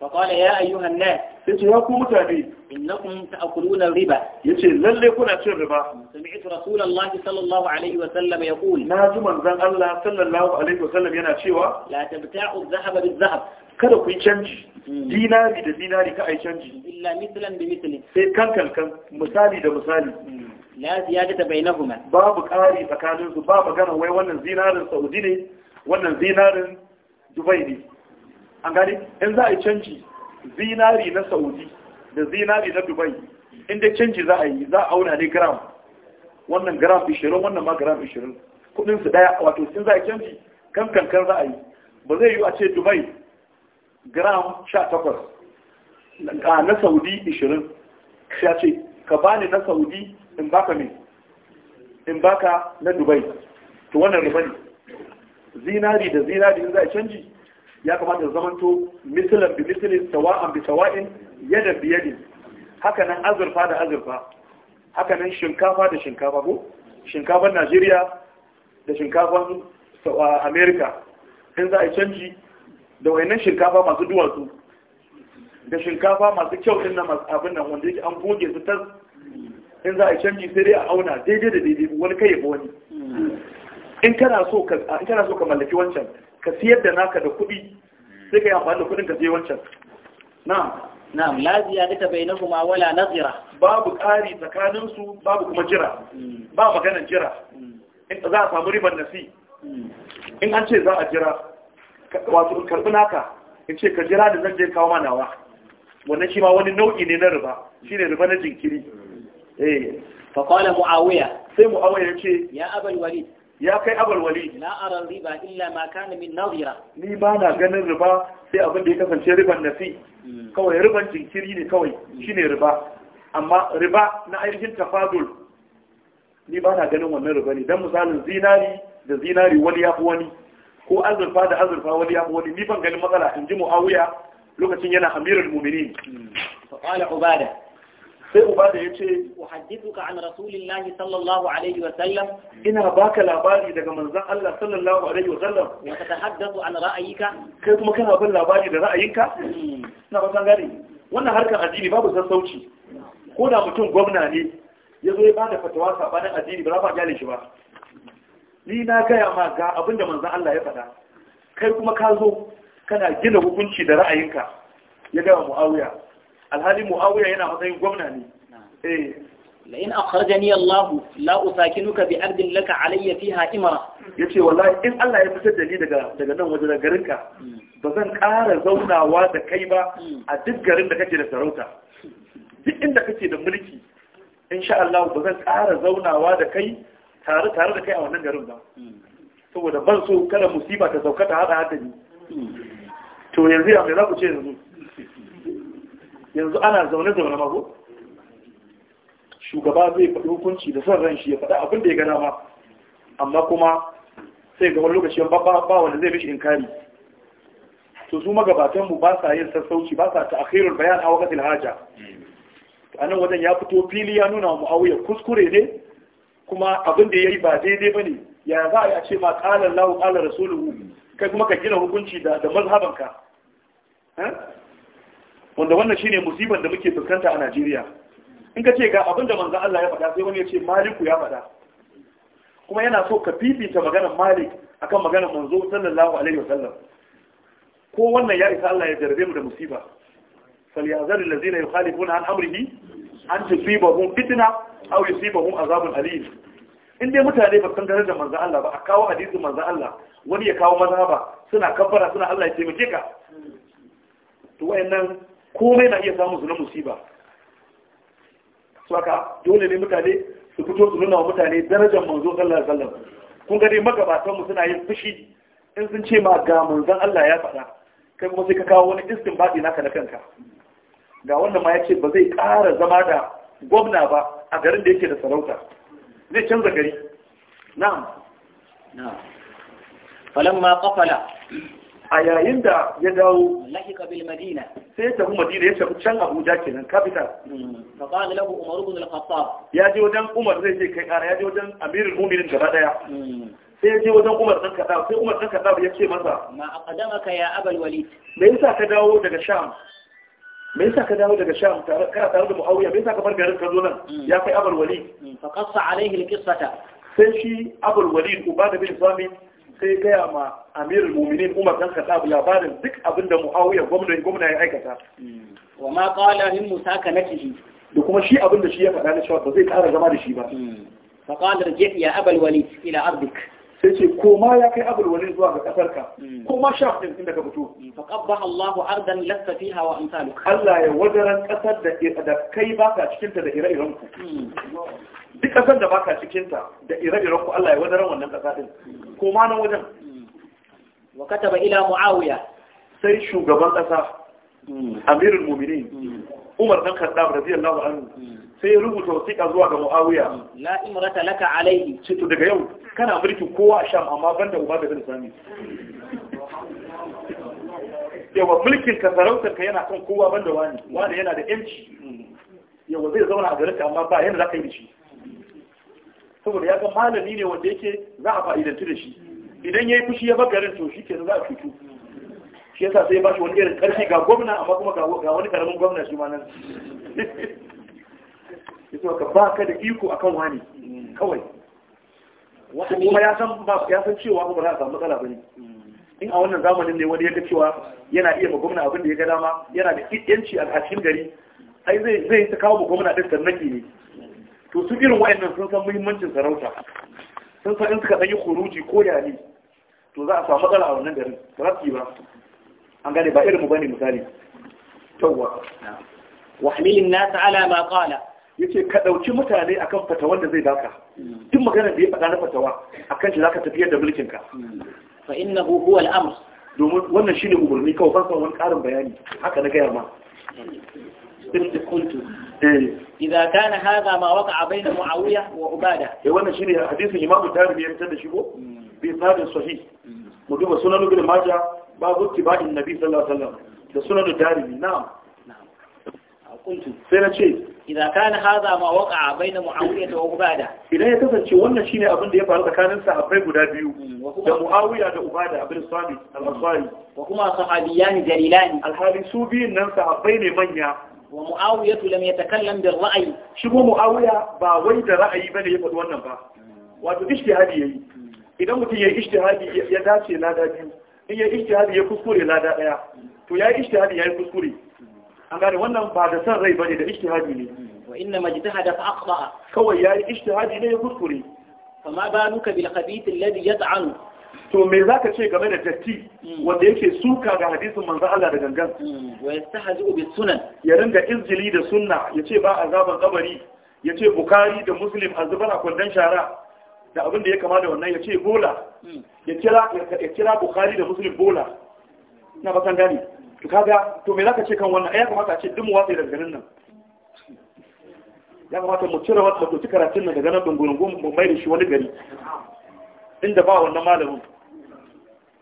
faƙwale ya ayyuhan na ya ce ya ku mutane Inna innakum ta'kuluna riba Ya yace lalle kuna cin riba sami'tu rasulullah sallallahu alaihi wa sallam yaqul na ji manzon Allah sallallahu alaihi wa sallam yana cewa la tabta'u adh-dhahaba bidh-dhahab kada ku yi canji hmm. dinari da dinari ka ai canji illa mithlan bi mithli sai kan kan kan misali da misali hmm. la ta bainahuma babu ƙari tsakanin su babu gana wai wannan zinarin Saudi ne wannan zinarin Dubai ne an gani in za a yi canji zinari na Saudi da zinari na Dubai in canji za a yi za a auna ne gram wannan gram 20 wannan ma gram 20 kudin su daya wato sun za a yi canji kan kan kan za a yi ba zai yi a ce Dubai gram 18 na saudi 20 shi ya ce ka bani na saudi in baka ne in baka na dubai to wannan riba ne zinari da zinari in za a canji ya kamata zamanto misalan bi misalin sawa'an bi sawa'in yada bi yadi haka nan azurfa da azurfa haka nan shinkafa da shinkafa ko shinkafan najeriya da shinkafan Amerika in za a canji da wayannan shinkafa masu duwatsu da shinkafa masu kyau din nan abin nan wanda yake an goge su tas in za a canji sai dai a auna daidai da daidai wani kai ya wani in kana so ka in kana so ka mallaki wancan ka siyar da naka da kuɗi sai ka yi amfani da kuɗin ka sai wancan na'am na'am ta ziyadata kuma wala nazira babu ƙari tsakanin su babu kuma jira ba maganar jira mm. in za a samu riban nasi mm. in an ce za a jira wato in karɓi naka in ce ka jira da zan je kawo manawa. wannan shi ma wani nau'i ne na riba ne riba na jinkiri eh fa qala muawiya sai muawiya ya ce ya abul wali ya kai abul wali la ara riba illa ma kana min nadira ni ba na ganin riba sai abin da ya kasance riban nafi hmm. kawai riban jinkiri ne kawai Shi ne riba amma riba na ainihin tafadul ni ba na ganin wannan riba ne dan misalin zinari da zinari wani ya fi wani ko azurfa da azurfa wani ya wani ni ban ganin matsala in ji muawiya lokacin yana amirul mu'minin fa qala ubada sai ubada yace uhaddithuka an rasulillahi sallallahu alaihi wa sallam ina baka labari daga manzon Allah sallallahu alaihi wa sallam wa tatahaddathu an ra'ayika kai kuma kana bin labari da ra'ayinka hmm. ina ba san gari wannan harkar addini babu sassauci ko da mutum gwamna ne ya zo ya bada fatawa sabanin addini ba za ba gyale shi ba ni na gaya ma ga abinda manzan Allah ya faɗa kai kuma ka zo kana gina hukunci da ra'ayinka ya gaya mu'awiya alhali mu'awiya yana matsayin gwamna ne eh. la in akhrajani Allah la usakinuka bi ardin laka alayya fiha imara yace wallahi in Allah ya fitar da ni daga daga nan waje daga garinka hmm. ba zan ƙara zaunawa da kai ba hmm. a duk garin da kake da sarauta duk inda kake da mulki insha Allah ba zan ƙara zaunawa da kai tare tare da kai a wannan garin ba saboda ban so kada musiba ta sauka ta hada hada ni to yanzu ya za ku ce yanzu yanzu ana zaune zaune mako shugaba zai faɗi hukunci da son ran shi ya faɗi abin da ya gana ma amma kuma sai ga wani lokaci ba ba wanda zai mishi inkari to su magabatan mu ba sa yin sassauci ba sa ta akhirul bayan a wakatil haja anan wajen ya fito fili ya nuna mu auya kuskure ne kuma abin da ya yi ba daidai ba ne ya za a ce ma ƙalar lawo ƙalar rasuluhu kai kuma ka gina hukunci da mazhabanka eh? wanda wannan shine musibar da muke fuskanta a Najeriya in ka ce ga abin da manzan Allah ya faɗa sai wani ya ce maliku ya faɗa kuma yana so ka fifita maganar malik akan maganar manzo sallallahu alaihi wasallam ko wannan ya isa Allah ya jarbe mu da musiba falyazar allazina yukhalifuna an amrihi an tusibahum fitna aw yusibahum azabun alim in dai mutane ba san da manzo Allah ba a kawo hadisin manzo Allah wani ya kawo mazhaba suna kabbara suna Allah ya taimake ka to wayannan komai na iya samun su na musiba saka dole ne mutane su fito su nuna wa mutane darajar manzo sallallahu alaihi wasallam kun ga magabatan mu suna yin fushi in sun ce ma ga manzan Allah ya faɗa kai kuma sai ka kawo wani istinbadi naka da kanka ga wannan ma ya ce ba zai ƙara zama da gwamna ba a garin da yake da sarauta zai canza gari na'am falon ma ƙafala a yayin da ya dawo lahika madina sai tafi madina ya tafi can abuja nan capital hmm. fa ya ji wajen umar zai je kai ƙara. ya ji wajen amirul mu'minin gaba daya hmm. sai ya je wajen umar ɗan kaddaf sai umar dan ba ya ce masa ma a ya abal walid me yasa ka dawo daga sham me yasa ka dawo daga sham kana tare da muawiya me yasa ka bar garin ka zo nan mm. ya kai abul walid mm. fa qassa alaihi alqissata sai shi abul walid da bin sami sai gaya ma amirul mu'minin umar dan khattab labarin duk abinda muawiya gwamnati gwamnati ya aikata mm. wa ma qala him musakanatihi da kuma shi abinda shi ya faɗa na shawar ba zai ƙara zama da shi ba fa qala jefi ya abul ila ardik sai ce koma ya kai abul wani zuwa ga kasar ka hmm. koma sha din inda ka fito hmm. fa qabbaha Allahu ardan lasta fiha wa amsaluk Allah ya wadaran kasar da da kai baka cikin ta da ire-iren ku hmm. duk kasar da baka cikin ta da ire-iren ku Allah ya wadaran wannan kasa din koma nan wajen wa kataba ila muawiya sai shugaban kasa amirul mu'minin Umar dan Khattab radiyallahu anhu sai ya rubuta wasiƙa zuwa ga Muawiya la imrata laka alayhi cito daga yau kana mulkin kowa a sham amma ban da uba da sami yawa mulkin ka sarautar ka yana kan kowa ban da wani wani yana da yanci yawa zai zauna a garinka amma ba yadda za ka yi da shi saboda ya ga malami ne wanda yake za a fa'idantu da shi idan ya yi fushi ya bar garin to shi ke za a cutu shi yasa sai ba shi wani irin karfi ga gwamna amma kuma ga wani karamin gwamna shi ma nan yato ka ba ka da iko akan wani kawai kuma ya san ya san cewa ba za a samu matsala bane in a wannan zamanin ne wani ya ga cewa yana iya ma gwamna abin da ya ga dama yana da yanci a cikin gari ai zai zai ta kawo gwamna din tarnaki ne to su irin wayannan sun san muhimmancin sarauta sun san in suka dan yi kuruji ko yali to za a samu matsala a wannan garin ba za su yi ba an gane ba irin mu bane misali tawwa wa hamilin nas ala ma qala yace ka dauki mutane akan fatawan da zai baka duk maganar da ya faɗa na fatawa akan shi zaka tafiyar da mulkin ka fa innahu huwa al-amr domin wannan shine umarni kawai ban san wani ƙarin bayani haka na gaya ma قلت إذا كان هذا ما وقع بين معاوية وعبادة وانا شيني حديث الإمام الدارمي يمتد شبه بإثناد صحيح مدوم سنن بن ماجه باب اتباع النبي صلى الله عليه وسلم ده سنن نعم kuntu sai na ce idza kana hadha ma waqa'a baina muawiya wa ubada idan ya kasance wannan shine abin da ya faru tsakanin sahabbai guda biyu hmm, da muawiya da ubada abin sami al-ansari hmm, wa kuma sahabiyani jalilani alhali su biyun nan sahabbai ne manya wa muawiya lam yatakallam bil ra'yi shi ko muawiya ba wai da ra'ayi bane ya faɗi wannan ba hmm. wato ishtihadi yayi idan mutum ya ishtihadi ya dace lada biyu in ya ishtihadi ya kuskure lada daya to ya ishtihadi ya kuskure an gane wannan ba da san rai bane da ijtihadi ne wa inna majtahada fa aqda kawai yayi ijtihadi ne ya kuskure fama baluka bil khabith alladhi yad'an to me zaka ce game da datti hmm. wanda yake suka ga hadisin manzo Allah da gangan hmm. wa yastahzi bi sunan ya ringa izjili da sunna yace ba azaban kabari yace bukhari da muslim azubar a kundan shara da abin da ya kamata da wannan yace bola hmm. ya kira ya kira bukhari da muslim bola na ba gani kaga to me zaka ce kan wannan ya kamata ce duk watsa da ganin nan ya kamata mu cire wata mutu karatun nan daga nan dungurin mu mai da shi wani gari inda ba wannan malamin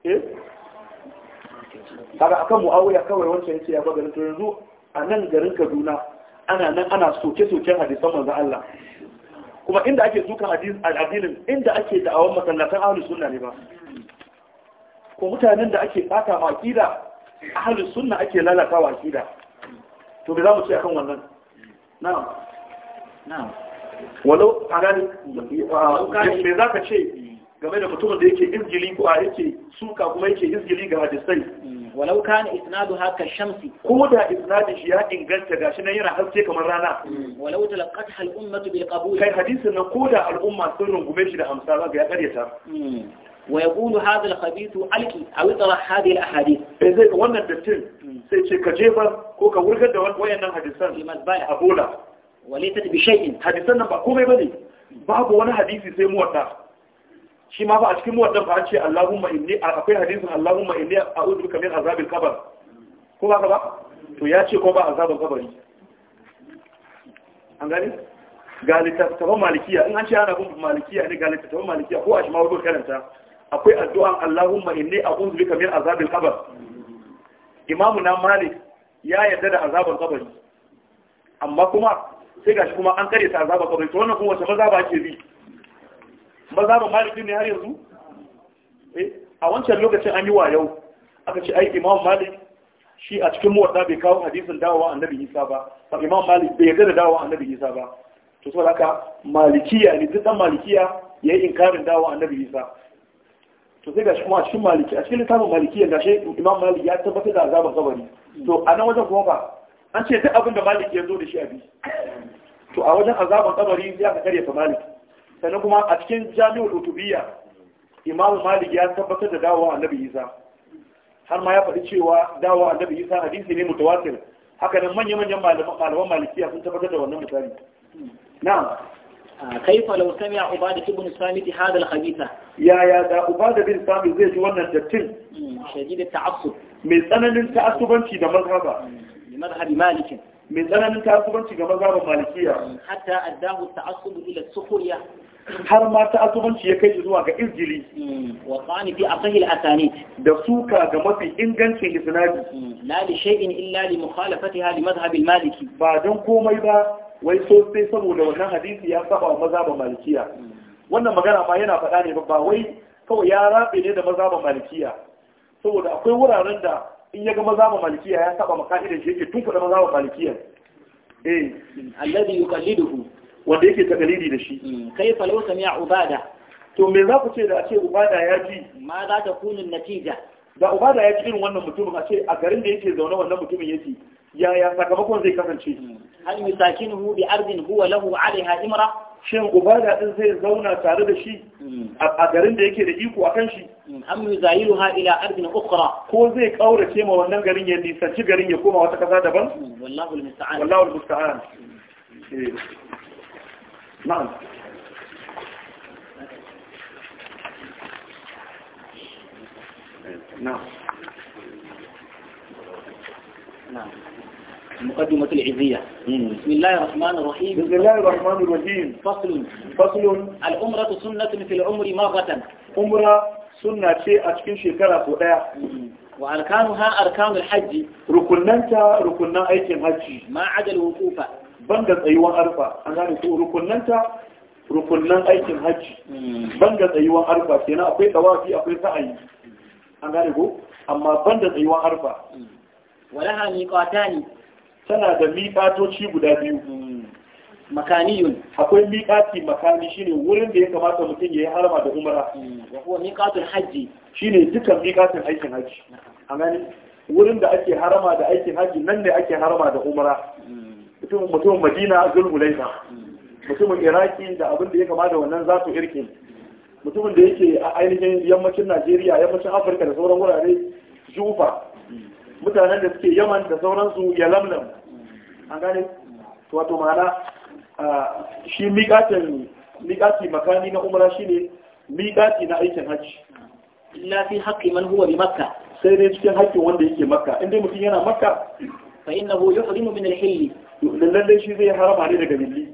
eh kaga akan auya kawai wancan yace ya ba to yanzu a nan garin Kaduna ana nan ana soke soke hadisan manzo Allah kuma inda ake dukan addinin inda ake da'awar masallatan ahlus sunna ne ba ko mutanen da ake bata ma akida ahalus sunna ake lalata wa akida to me za mu ce akan wannan na'am na'am walau a gani me za ka ce game da mutumin da yake izgili ko a yake suka kuma yake izgili ga hadisai mm, walau kana isnadu haka shamsi ko da isnadin shi ya inganta gashi nan yana haske kamar rana mm, walau talaqqat al ummatu bil qabul kai hadisin nan ko da al'umma sun rungume shi da amsa za ga ya karyata mm. wa yaqulu hadha al-khabithu alqi aw tara hadhihi al-ahadith sai eh, zai wannan dattin hmm. sai ce ka ko ka wurgar da wayannan hadisan a bola hadisan nan ba komai bane babu wani hadisi sai muwatta shi ma a cikin muwaddan ba a ce Allahumma inni akwai hadisin Allahumma inni ko ba ba to ya ce ko ba an gani ga littattafan malikiya in an ce ana bin malikiya ne ga littattafan malikiya ko a shi ma wurin karanta akwai addu'an Allahumma inni a'udhu bika min azabil qabr imamu na malik ya yarda da azabar kabari amma kuma sai gashi kuma an kare ta azabul kabari to wannan kuma maza ba ake bi mazaba malik ne har yanzu eh a wancan lokacin an yi wa yau, aka ce ai imamu malik shi a cikin muwadda bai kawo hadisin dawowa annabi isa ba fa imamu malik bai yarda da dawowa annabi isa ba to saboda haka malikiya ne duk dan malikiya yayi inkarin dawowa annabi isa to sai ga shi kuma a cikin maliki a cikin littafin maliki ya gashe imam maliki ya tabbatar da azabar kabari to a nan wajen kuma ba an ce duk abin da maliki ya zo da shi a bi to a wajen azabar kabari ya ka karyata malik sannan kuma a cikin jami'ul utubiya imam malik ya tabbatar da dawowa annabi isa har ma ya faɗi cewa dawowa annabi isa hadisi ne mutawatir haka nan manya-manyan malaman malikiya sun tabbatar da wannan misali na'am kaifa law sami'a ubadi ibn samit hadal al-khabitha yaya da uba da bin sami zai ji wannan dattin shadidin mai tsananin ta'assubanci da mazhaba mazhabi malikin mai tsananin ta'assubanci ga mazhaban malikiya hatta addahu ta'assub ila sukhriya har ma ta'assubanci ya kai zuwa ga izjili hmm. wa qani fi asahi al-asanid da suka ga mafi ingancin isnadi hmm. la li shay'in illa li mukhalafatiha li madhhab al-maliki ba dan komai ba wai sosai saboda wannan hadisi ya saba wa mazhaban malikiya hmm. wannan magana ma yana faɗa ne ba wai kawai ya rabe ne da mazaban malikiya saboda akwai wuraren da in ya ga mazhaban malikiya ya saba maka'idan shi yake tunkuɗa mazaban malikiya eh alladhi yuqalliduhu wanda yake takalidi da shi hmm, kai falau sami'a ubada to me za ku ce da a ce ubada ya ji ma za ta kunin natija da ubada ya ji irin wannan mutumin a ce a garin da yake zaune wannan mutumin yake yaya sakamakon zai kasance hal misakinuhu bi ardin huwa lahu alaiha imra shin ubada din zai zauna tare da shi a garin da yake da iko akan shi mm. am yuzayiluha ila ardin ukhra ko zai kaurace ma wannan garin ya nisanci garin ya koma wata kasa daban mm. wallahu almusta'an wallahu almusta'an eh. na'am مقدمة العزية بسم الله الرحمن الرحيم بسم الله الرحمن الرحيم فصل فصل الأمرة سنة في العمر مرة أمرة سنة شيء أتكين شكرة وأركانها أركان الحج ركننتا ركننا أيتم حج ما عدا الوقوف بندت أيوان أربعة أنا ركننتا rukunan aikin hajji ban da tsayuwan أربعة kenan أقول tawafi akwai sa'ayi an gane ko amma ban da tsayuwan tana da miƙatoci guda biyu makaniyun akwai miƙati makani shine wurin da ya kamata mutum ya yi harama da umara wa huwa miƙatul hajji shine dukkan miƙatin aikin hajji a gani wurin da ake harama da aikin hajji nan ne ake harama da umara mutumin mutumin madina zulmulaifa mutumin iraki da abin da ya kamata wannan za su irke mutumin da yake a ainihin yammacin najeriya yammacin afirka da sauran wurare jufa mutanen da suke yaman da sauransu ya lamlam an gane wato ma'ana shi miƙatin makani na umra shine miƙati na aikin hajji illa fi haƙƙi man huwa bi makka sai dai cikin haƙƙin wanda yake makka in dai mutum yana makka fa innahu yuhrimu min al-hill lalle shi zai harama ne daga milli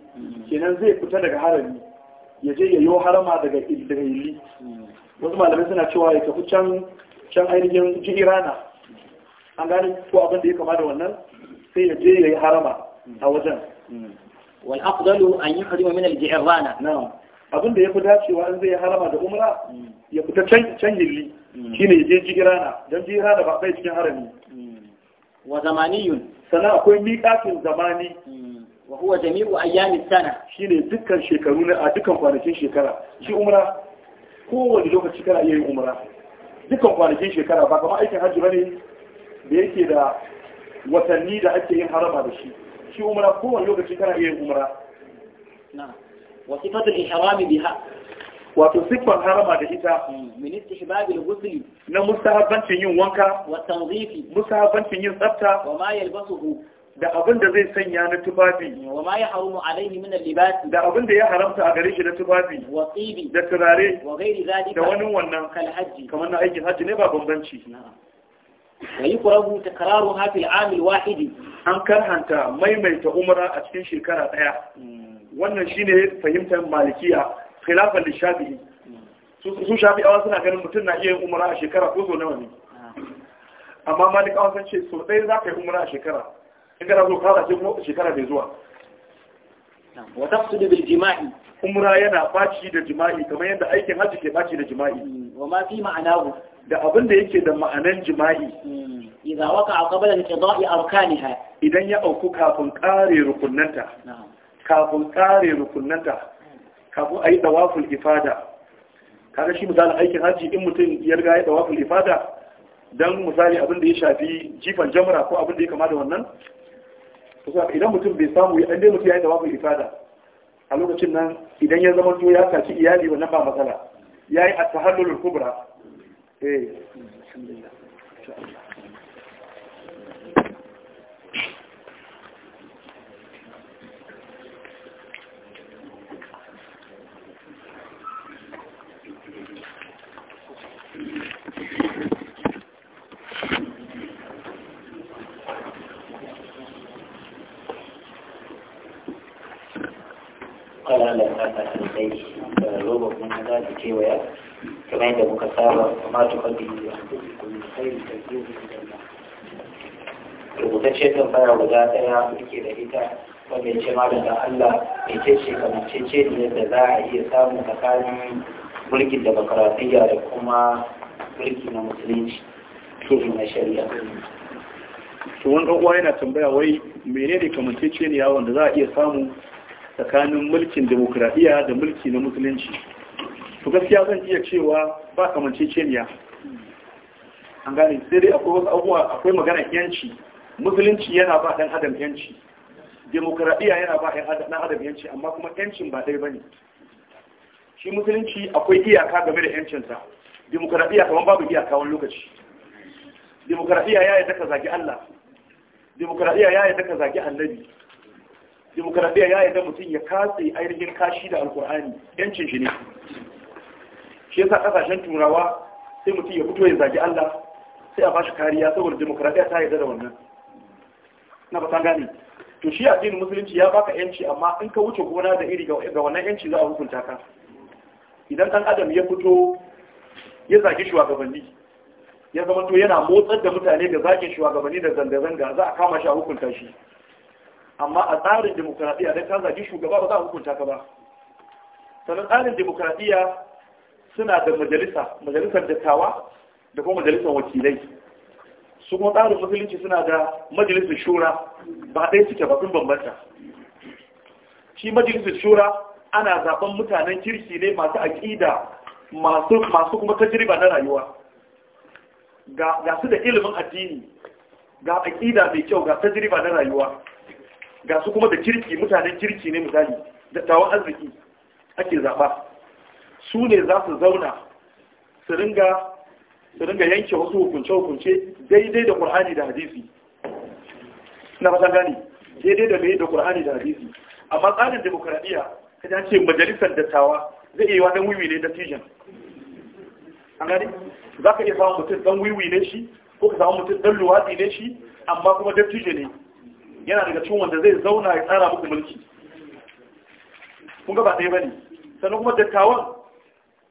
kenan zai fita daga harami ya je ya yi harama daga daga wasu malamai suna cewa ya tafi can can ainihin jirana an gane ko abin da ya kama da wannan sai ya je ya yi harama a wajen wal afdalu an yuhrima min al-ji'rana na'am abin da ya fi dacewa in zai harama da umra ya fita can can hilli mm. shine ya je jirana dan jirana ba bai cikin harami mm. wa zamaniyun sana akwai miƙatin zamani mm. wa huwa jami'u ayyami sana shine dukkan shekaru na a dukkan kwanakin shekara shi umra kowane lokaci kana iya yin umra dukkan kwanakin shekara ba kamar aikin hajji bane da yake da watanni da ake yin harama da shi shi umra kowane lokaci kana iya yin umra na wa sifatul ihrami biha wato siffar harama da ita hmm, min istihbabil ghusl na mustahabbancin yin wanka wa tanzifi mustahabbancin yin tsafta wa ma yalbasuhu da abin da zai sanya na tufafi hmm, wa ma yahrumu alayhi min al-libas da abin da ya haramta a gare shi na tufafi wa tibi da turare wa ghairi zalika da wani wannan kal hajji kamar na aikin hajji ne ba bambanci na'am wa yukrahu takraru hafil amil wahidi an karhanta maimaita umra a cikin shekara daya wannan shine fahimtar malikiya khilafan shafi'i su shafi'awa suna ganin mutum na iya umra a shekara ko so nawa ne amma Malik sun ce so ɗaya za ka yi umra a shekara in kana zo kara ce kuma shekara bai zuwa wa tafsidu bil jima'i umra yana baci da jima'i kamar yadda aikin haji ke baci da jima'i hmm, wa ma fi ma'anahu da abin da yake da ma'anan jima'i hmm. idza waqa'a qabla inqida'i arkaniha idan ya auku kafin kare rukunnanta kafin kare rukunnanta kafin yi dawaful ifada kaga shi misali aikin haji in mutum ya riga ya dawaful ifada Don misali abin da ya shafi jifan jamra ko abin da ya kama da wannan idan mutum bai samu ya ɗanɗe mutum ya yi dawaful ifada a lokacin nan idan ya zama to ya saci iyali wannan ba matsala ya yi a tahallul kubra ايه الحمد لله ان شاء الله قال على هذا البيت آه، فلوبه من هذا بكي kamar yadda muka saba amma ta kwalli da rubutacce tambaya guda ɗaya muke da ita wanda ce malam da Allah mai ce ce kamancece ne yadda za a iya samun tsakanin mulkin demokaratiyya da kuma mulki na musulunci tuzu na shari'a to wani uwa yana tambaya wai menene kamancece ne yawon da za a iya samu tsakanin mulkin demokaratiyya da mulki na musulunci to gaskiya zan iya cewa ba niya an gane sai dai akwai wasu abubuwa akwai magana yanci musulunci yana ba dan adam yanci demokradiyya yana ba dan adam yanci amma kuma yancin ba dai bane shi musulunci akwai iyaka game da yancinsa demokradiyya kamar babu iyaka wani lokaci demokradiyya ya yadda ka zagi Allah demokradiyya ya yadda ka zagi annabi demokradiyya ya yadda mutum ya katse ainihin kashi da alkur'ani yancin shi ne shi yasa kasashen turawa sai mutum ya fito ya zagi Allah sai a bashi kariya saboda demokradiyya ta yarda da wannan na ba san gane to shi addinin musulunci ya baka yanci amma in ka wuce gona da iri ga wannan yanci za a hukunta ka idan ɗan adam ya fito ya zagi shugabanni ya zama to yana motsar da mutane da zagin shugabanni da zanga-zanga za a kama shi a hukunta shi amma a tsarin demokradiyya don ka zagi shugaba ba za a hukunta ka ba sannan tsarin demokradiyya suna da majalisa majalisar dattawa da kuma majalisar wakilai su kuma tsarin musulunci suna da majalisar shura ba ɗaya suke ba sun bambanta shi majalisar shura ana zaben mutanen kirki ne masu aƙida masu kuma tajriba na rayuwa ga su da ilimin addini ga aƙida mai kyau ga tajriba na rayuwa ga su kuma da kirki mutanen kirki ne misali da arziki ake zaɓa su ne za su zauna su ringa yanke wasu hukunce-hukunce daidai da ƙur'ani da hadisi na fatan gani daidai da mai da ƙur'ani da hadisi amma tsarin demokuraɗiyya ka ji ce majalisar dattawa zai iya wani wiwi ne dattijan an gani za ka iya samun mutum dan wiwi ne shi ko ka samu mutum dan luwaɗi ne shi amma kuma tijan ne yana daga cikin wanda zai zauna ya tsara muku mulki kun gaba ɗaya ba ne sannan kuma dattawan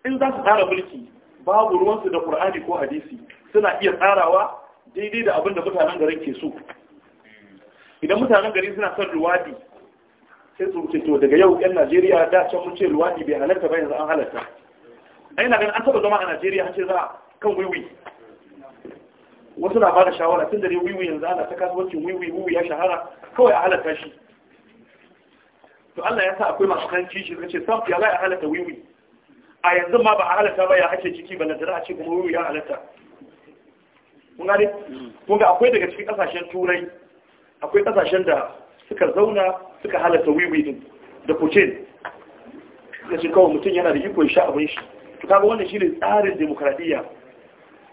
in za su tsara mulki babu ruwansu da ƙur'ani ko hadisi suna iya tsarawa daidai da abin da mutanen garin ke so idan mutanen gari suna son ruwadi sai su ce to daga yau yan najeriya da can mun ce luwadi bai halarta ba yanzu an halarta A yana ganin an taɓa zama a najeriya an ce za a kan wiwi wasu na bada shawara tun da ne wiwi yanzu ana ta kasuwancin wiwi wiwi ya shahara kawai a halarta shi to Allah ya sa akwai masu kan kishi suka ce sam ya za a halarta wiwi a yanzu ma ba a halatta ba ya ake ciki ba na zira a ce kuma wuri ya halatta kun gane kun ga akwai daga cikin kasashen turai akwai kasashen da suka zauna suka halatta wiwi din da putin da shi kawai mutum yana da iko sha abin shi to kaga wannan shine tsarin demokradiyya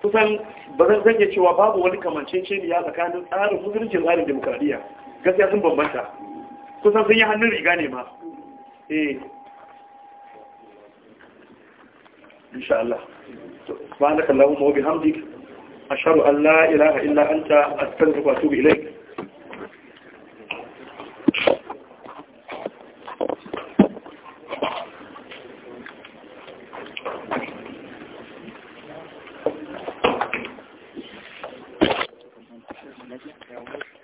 kusan ba zan zage cewa babu wani kamanceceniya tsakanin tsarin musulunci tsarin demokradiyya gaskiya sun bambanta kusan sun yi hannun riga ne ma eh insha Allah subhanaka allahumma wa bihamdik ashhadu an la ilaha illa anta astaghfiruka